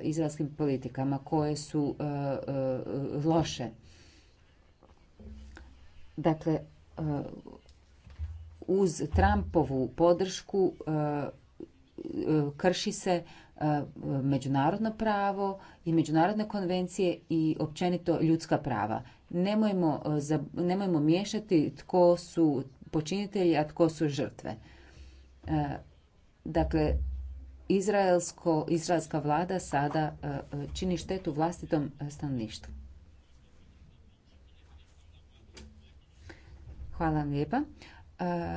izraelskim politikama koje su e, loše. Dakle, uz Trumpovu podršku krši se međunarodno pravo i međunarodne konvencije i općenito ljudska prava nemojmo, e, nemojmo miješati tko su počinitelji, a tko su žrtve. E, dakle, Izraelsko, izraelska vlada sada e, čini štetu vlastitom stanovništvu. Hvala vam lijepa.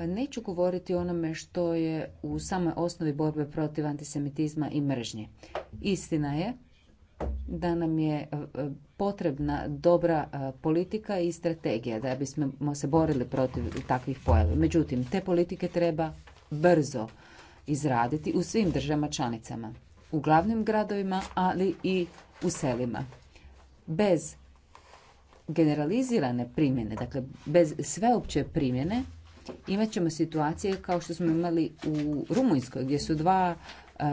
Neću govoriti o onome što je u samoj osnovi borbe protiv antisemitizma i mržnje. Istina je da nam je e, potrebna dobra e, politika i strategija da bismo se borili protiv takvih pojava. Međutim, te politike treba brzo izraditi u svim državama članicama, u glavnim gradovima, ali i u selima. Bez generalizirane primjene, dakle bez sveopće primjene, imat ćemo situacije kao što smo imali u Rumunjskoj, gdje su dva e,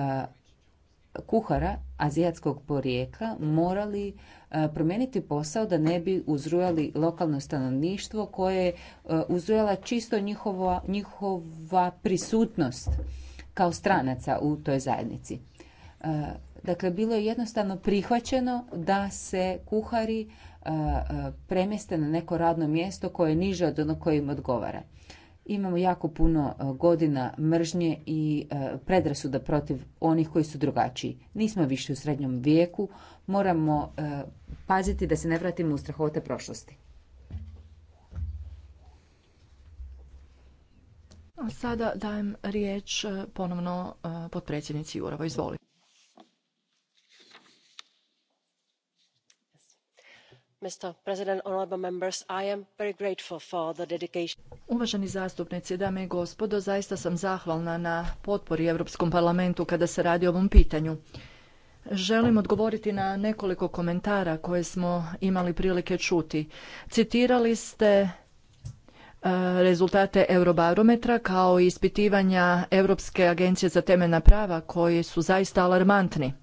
kuhara azijatskog porijekla morali e, promijeniti posao da ne bi uzrujali lokalno stanovništvo koje je uzrujala čisto njihova, njihova prisutnost kao stranaca u toj zajednici. E, dakle, bilo je jednostavno prihvaćeno da se kuhari e, premjeste na neko radno mjesto koje je niže od onog koje im odgovara. Imamo jako puno e, godina mržnje i e, predrasuda protiv onih koji su drugačiji. Nismo više u srednjom vijeku, moramo e, paziti da se ne vratimo u strahote prošlosti. sada dajem riječ ponovno potpredsjednici Jurova. Izvolite. mr uvaženi zastupnici dame i gospodo zaista sam zahvalna na potpori europskom parlamentu kada se radi o ovom pitanju. Želim odgovoriti na nekoliko komentara koje smo imali prilike čuti. Citirali ste e, rezultate Eurobarometra kao i ispitivanja Europske agencije za temeljna prava koji su zaista alarmantni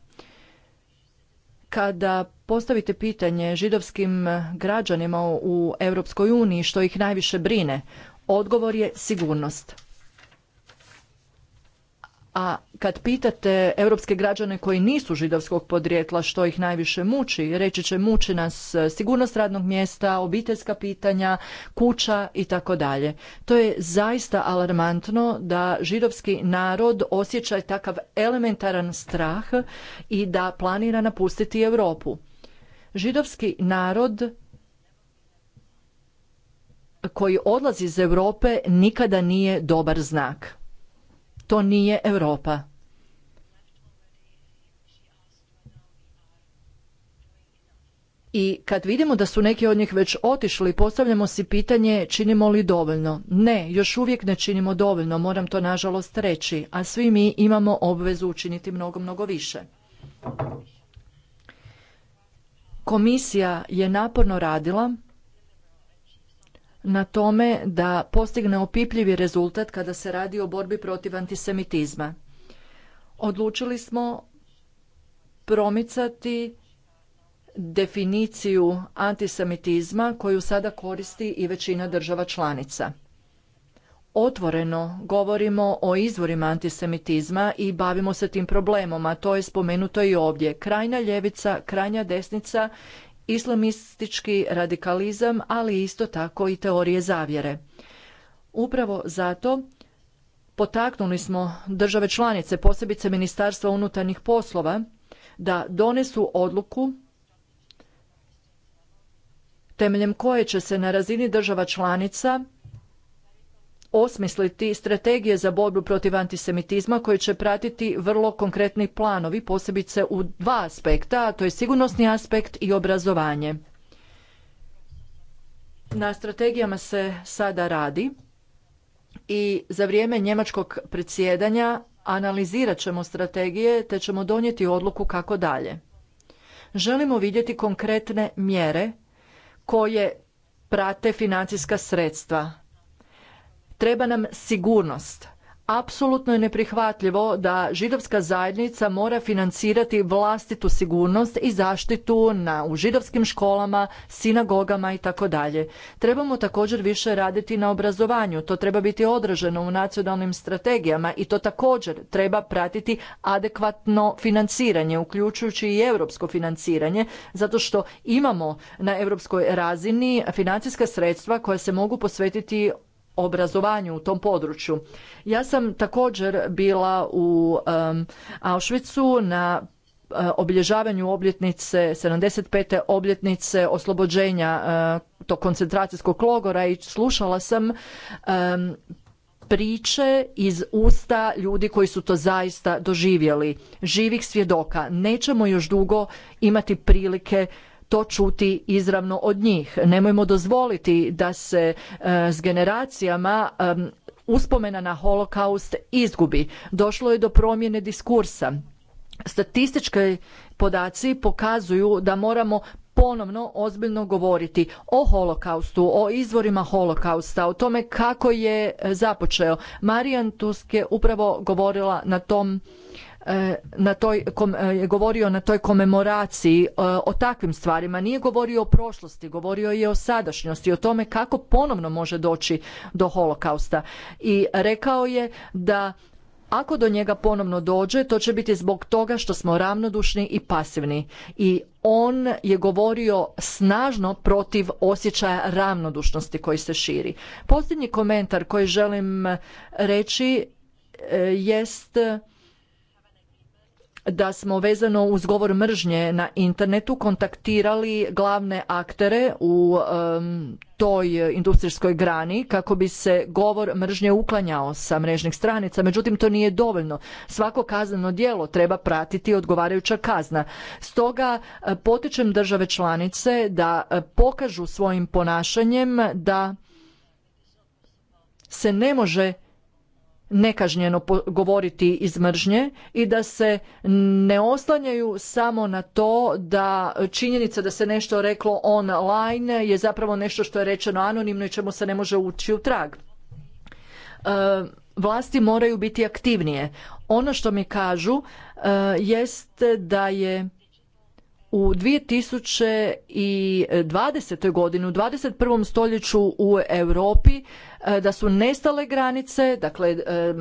kada postavite pitanje židovskim građanima u Europskoj uniji što ih najviše brine, odgovor je sigurnost. A kad pitate europske građane koji nisu židovskog podrijetla što ih najviše muči, reći će muči nas e, sigurnost radnog mjesta, obiteljska pitanja, kuća i tako dalje. To je zaista alarmantno da židovski narod osjeća takav elementaran strah i da planira napustiti Europu. Židovski narod koji odlazi iz Europe nikada nije dobar znak. To nije Europa. I kad vidimo da su neki od njih već otišli, postavljamo si pitanje činimo li dovoljno. Ne, još uvijek ne činimo dovoljno, moram to nažalost reći, a svi mi imamo obvezu učiniti mnogo, mnogo više. Komisija je naporno radila na tome da postigne opipljivi rezultat kada se radi o borbi protiv antisemitizma. Odlučili smo promicati definiciju antisemitizma koju sada koristi i većina država članica. Otvoreno govorimo o izvorima antisemitizma i bavimo se tim problemom, a to je spomenuto i ovdje. Krajna ljevica, krajnja desnica islamistički radikalizam, ali isto tako i teorije zavjere. Upravo zato potaknuli smo države članice, posebice Ministarstva unutarnjih poslova, da donesu odluku temeljem koje će se na razini država članica osmisliti strategije za borbu protiv antisemitizma koje će pratiti vrlo konkretni planovi, posebice u dva aspekta, a to je sigurnosni aspekt i obrazovanje. Na strategijama se sada radi i za vrijeme njemačkog predsjedanja analizirat ćemo strategije te ćemo donijeti odluku kako dalje. Želimo vidjeti konkretne mjere koje prate financijska sredstva Treba nam sigurnost. Apsolutno je neprihvatljivo da židovska zajednica mora financirati vlastitu sigurnost i zaštitu na, u židovskim školama, sinagogama i tako dalje. Trebamo također više raditi na obrazovanju, to treba biti odraženo u nacionalnim strategijama i to također treba pratiti adekvatno financiranje, uključujući i europsko financiranje, zato što imamo na europskoj razini financijska sredstva koja se mogu posvetiti obrazovanju u tom području. Ja sam također bila u um, Auschwitzu na eh, obilježavanju obljetnice 75. obljetnice oslobođenja eh, tog koncentracijskog logora i slušala sam priče iz usta ljudi koji su to zaista doživjeli, živih svjedoka. Nećemo još dugo imati prilike to čuti izravno od njih. Nemojmo dozvoliti da se e, s generacijama uspomena na holokaust izgubi. Došlo je do promjene diskursa. Statistički podaci pokazuju da moramo ponovno ozbiljno govoriti o holokaustu, o izvorima holokausta, o tome kako je e, započeo. Marijan Tusk je upravo govorila na tom E, na toj, e, je govorio na toj komemoraciji e, o takvim stvarima. Nije govorio o prošlosti, govorio je o sadašnjosti, o tome kako ponovno može doći do holokausta. I rekao je da ako do njega ponovno dođe, to će biti zbog toga što smo ravnodušni i pasivni. I on je govorio snažno protiv osjećaja ravnodušnosti koji se širi. Posljednji komentar koji želim reći jest da smo vezano uz govor mržnje na internetu kontaktirali glavne aktere u toj industrijskoj grani kako bi se govor mržnje uklanjao sa mrežnih stranica. Međutim, to nije dovoljno. Svako kazneno djelo treba pratiti odgovarajuća kazna. Stoga e, potičem države članice da e, pokažu svojim ponašanjem da se ne može nekažnjeno govoriti iz mržnje i da se ne oslanjaju samo na to da činjenica da se nešto reklo online je zapravo nešto što je rečeno anonimno i čemu se ne može ući u trag. E, vlasti moraju biti aktivnije. Ono što mi kažu e, jest da je u 2020. godini, u 21. stoljeću u Europi E, da su nestale granice, dakle e,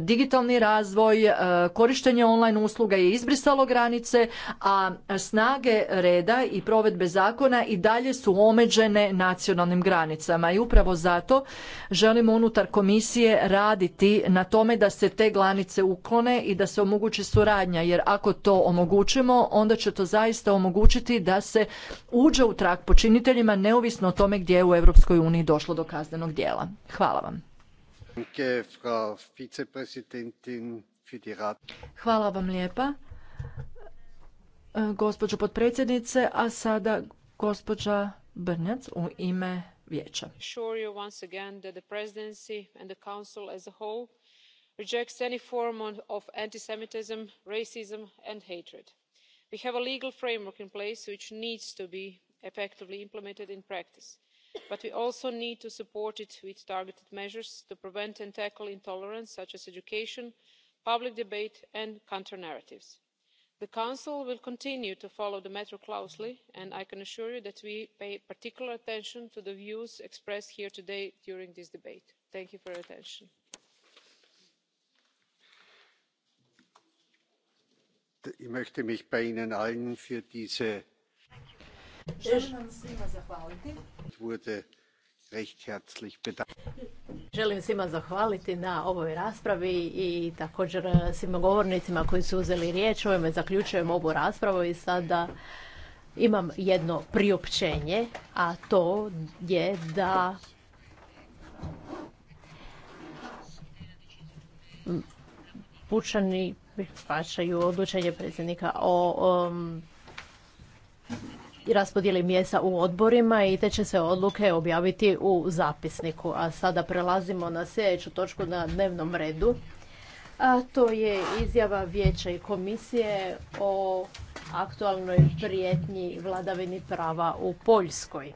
digitalni razvoj, e, korištenje online usluga je izbrisalo granice, a snage reda i provedbe zakona i dalje su omeđene nacionalnim granicama i upravo zato želimo unutar komisije raditi na tome da se te granice uklone i da se omogući suradnja jer ako to omogućimo onda će to zaista omogućiti da se uđe u trag počiniteljima neovisno o tome gdje je u Europskoj uniji došlo do kaznenog djela. Hvala vam. Hvala vam lijepa, e, gospođo potpredsjednice, a sada gospođa Brnjac u ime vijeća. rejects any form of antisemitism, racism and hatred. We have a legal framework in place which needs to be effectively implemented in practice but we also need to support it with targeted measures to prevent and tackle intolerance such as education public debate and counter narratives. the council will continue to follow the matter closely and i can assure you that we pay particular attention to the views expressed here today during this debate. thank you for your attention. ich möchte mich bei ihnen allen Želim svima zahvaliti. na ovoj raspravi i također svima govornicima koji su uzeli riječ. Ovime zaključujem ovu raspravu i sada imam jedno priopćenje, a to je da pučani prihvaćaju odlučenje predsjednika o um, i raspodjeli mjesta u odborima i te će se odluke objaviti u zapisniku. A sada prelazimo na sljedeću točku na dnevnom redu. A to je izjava Vijeća i komisije o aktualnoj prijetnji vladavini prava u Poljskoj.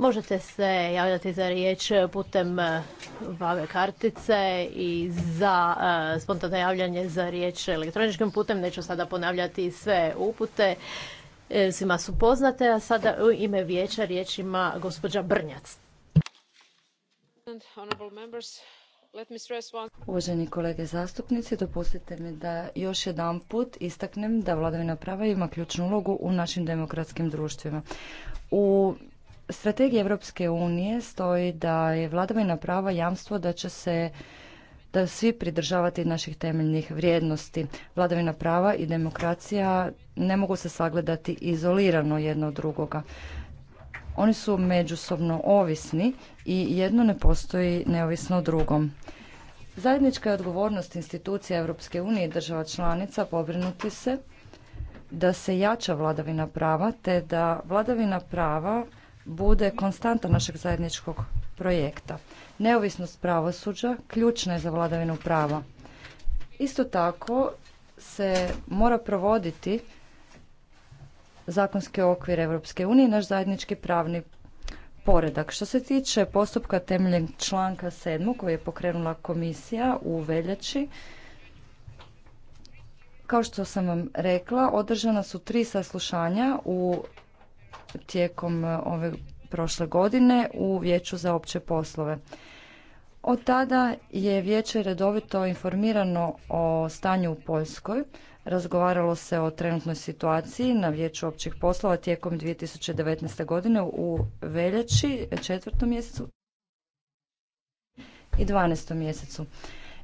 Možete se javljati za riječ putem e, vave kartice i za e, spontano javljanje za riječ elektroničkim putem. Neću sada ponavljati sve upute. E, svima su poznate, a sada u ime vijeća riječ ima gospođa Brnjac. Uvaženi kolege zastupnici, dopustite mi da još jedan put istaknem da vladavina prava ima ključnu ulogu u našim demokratskim društvima. U Strategija Europske unije stoji da je vladavina prava jamstvo da će se da svi pridržavati naših temeljnih vrijednosti. Vladavina prava i demokracija ne mogu se sagledati izolirano jedno od drugoga. Oni su međusobno ovisni i jedno ne postoji neovisno o drugom. Zajednička je odgovornost institucija Europske unije i država članica pobrinuti se da se jača vladavina prava te da vladavina prava bude konstanta našeg zajedničkog projekta. Neovisnost pravosuđa ključna je za vladavinu prava. Isto tako se mora provoditi zakonski okvir Europske unije i naš zajednički pravni poredak. Što se tiče postupka temeljem članka 7. koji je pokrenula komisija u veljači, kao što sam vam rekla, održana su tri saslušanja u tijekom e, ove prošle godine u Vijeću za opće poslove. Od tada je vijeće redovito informirano o stanju u Poljskoj. Razgovaralo se o trenutnoj situaciji na Vijeću općih poslova tijekom 2019. godine u veljači, četvrtom mjesecu i 12. mjesecu.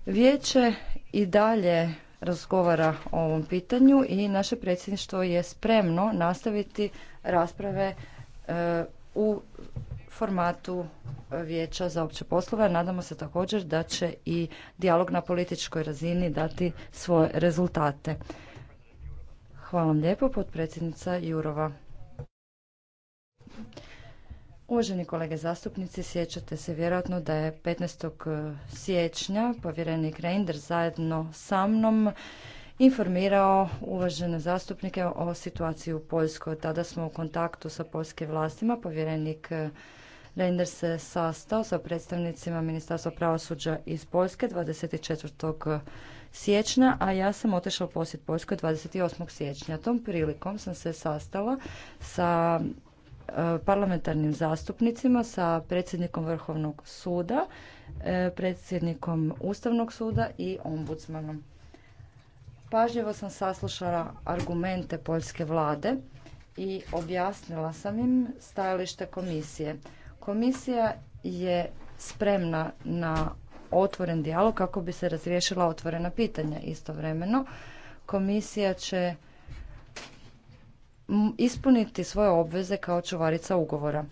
Vijeće i dalje razgovara o ovom pitanju i naše predsjedništvo je spremno nastaviti rasprave e, u formatu Vijeća za opće poslove. Nadamo se također da će i dijalog na političkoj razini dati svoje rezultate. Hvala vam lijepo, potpredsjednica Jurova. Uvaženi kolege zastupnici, sjećate se vjerojatno da je 15. Eh, siječnja povjerenik Reinders zajedno sa mnom informirao uvažene zastupnike o situaciji u Poljskoj. Tada smo u kontaktu sa poljskim vlastima. Povjerenik eh, Reinders se sastao sa predstavnicima Ministarstva pravosuđa iz Poljske 24. Eh, siječnja, a ja sam otišla u posjet Poljskoj 28. siječnja. Tom prilikom sam se sastala sa E, parlamentarnim zastupnicima, sa predsjednikom Vrhovnog suda, e, predsjednikom Ustavnog suda i ombudsmanom. Pažljivo sam saslušala argumente poljske vlade i objasnila sam im stajalište komisije. Komisija je spremna na otvoren dijalog kako bi se razriješila otvorena pitanja. Istovremeno, komisija će ispuniti svoje obveze kao čuvarica ugovora.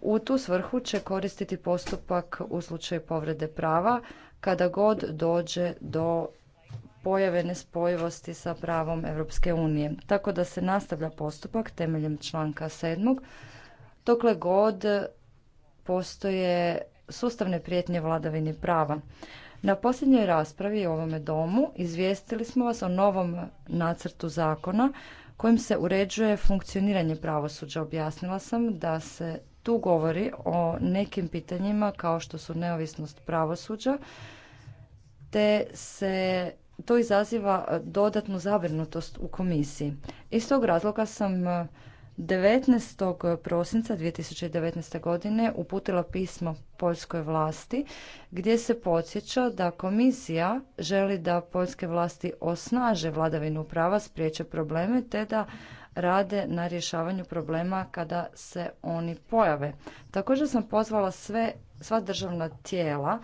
U tu svrhu će koristiti postupak u slučaju povrede prava kada god dođe do pojave nespojivosti sa pravom Europske unije. Tako da se nastavlja postupak temeljem članka 7. dokle god postoje sustavne prijetnje vladavini prava. Na posljednjoj raspravi u ovome domu izvijestili smo vas o novom nacrtu zakona kojim se uređuje funkcioniranje pravosuđa. Objasnila sam da se tu govori o nekim pitanjima kao što su neovisnost pravosuđa, te se to izaziva dodatnu zabrinutost u komisiji. Iz tog razloga sam 19. prosinca 2019. godine uputila pismo poljskoj vlasti gdje se podsjeća da komisija želi da poljske vlasti osnaže vladavinu prava, spriječe probleme te da rade na rješavanju problema kada se oni pojave. Također sam pozvala sve, sva državna tijela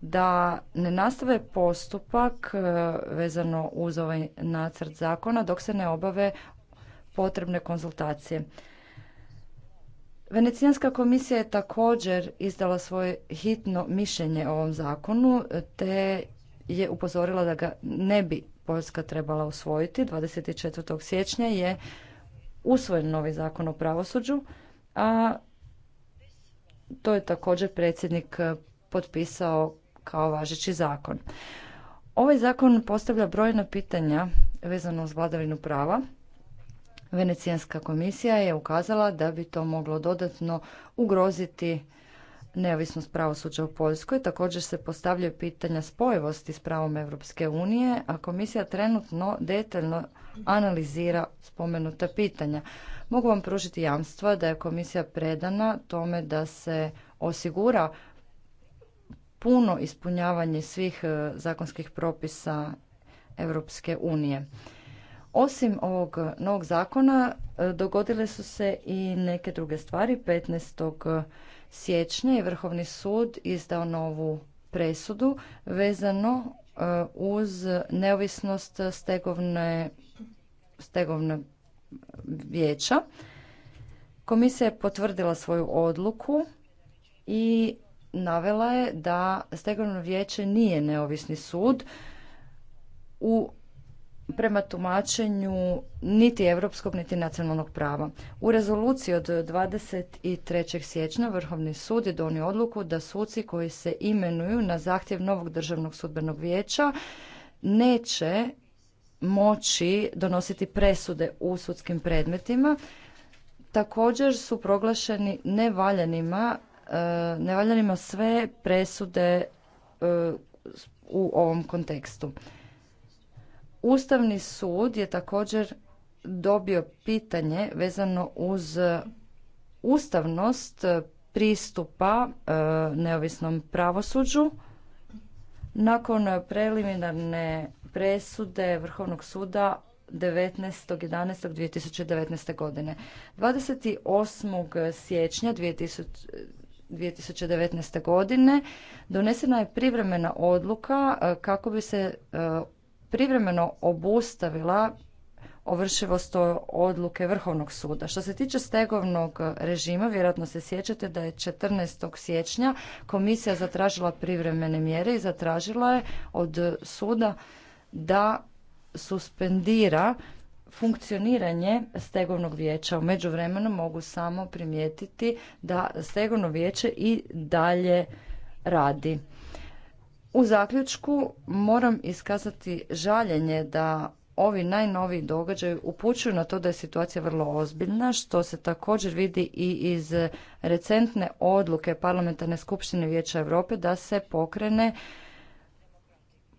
da ne nastave postupak e, vezano uz ovaj nacrt zakona dok se ne obave potrebne konzultacije. Venecijanska komisija je također izdala svoje hitno mišljenje o ovom zakonu te je upozorila da ga ne bi Poljska trebala usvojiti. 24. siječnja je usvojen novi zakon o pravosuđu, a to je također predsjednik potpisao kao važeći zakon. Ovaj zakon postavlja brojna pitanja vezano uz vladavinu prava Venecijanska komisija je ukazala da bi to moglo dodatno ugroziti neovisnost pravosuđa u Poljskoj. Također se postavljaju pitanja spojivosti s pravom Europske unije, a komisija trenutno detaljno analizira spomenuta pitanja. Mogu vam pružiti jamstva da je komisija predana tome da se osigura puno ispunjavanje svih e, zakonskih propisa Europske unije. Osim ovog novog zakona e, dogodile su se i neke druge stvari. 15. siječnja je Vrhovni sud izdao novu presudu vezano e, uz neovisnost stegovne, stegovne vijeća. Komisija je potvrdila svoju odluku i navela je da stegovno vijeće nije neovisni sud u prema tumačenju niti europskog niti nacionalnog prava. U rezoluciji od 23. siječnja Vrhovni sud je donio odluku da suci koji se imenuju na zahtjev novog državnog sudbenog vijeća neće moći donositi presude u sudskim predmetima. Također su proglašeni nevaljanima, e, nevaljanima sve presude e, u ovom kontekstu. Ustavni sud je također dobio pitanje vezano uz ustavnost pristupa e, neovisnom pravosuđu nakon preliminarne presude Vrhovnog suda 19.11.2019. godine. 28. siječnja 2019. godine donesena je privremena odluka e, kako bi se e, privremeno obustavila ovršivost odluke Vrhovnog suda. Što se tiče stegovnog režima, vjerojatno se sjećate da je 14. siječnja komisija zatražila privremene mjere i zatražila je od suda da suspendira funkcioniranje stegovnog vijeća. U međuvremenu mogu samo primijetiti da stegovno vijeće i dalje radi. U zaključku moram iskazati žaljenje da ovi najnoviji događaji upućuju na to da je situacija vrlo ozbiljna, što se također vidi i iz recentne odluke Parlamentarne skupštine Vijeća Europe da se pokrene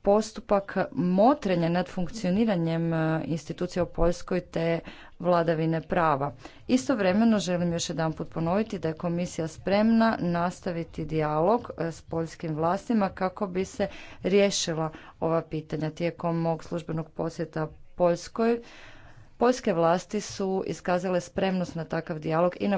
postupak motrenja nad funkcioniranjem e, institucija u Poljskoj te vladavine prava. Istovremeno želim još jedanput ponoviti da je komisija spremna nastaviti dijalog e, s poljskim vlastima kako bi se riješila ova pitanja tijekom mog službenog posjeta Poljskoj. Poljske vlasti su iskazale spremnost na takav dijalog i na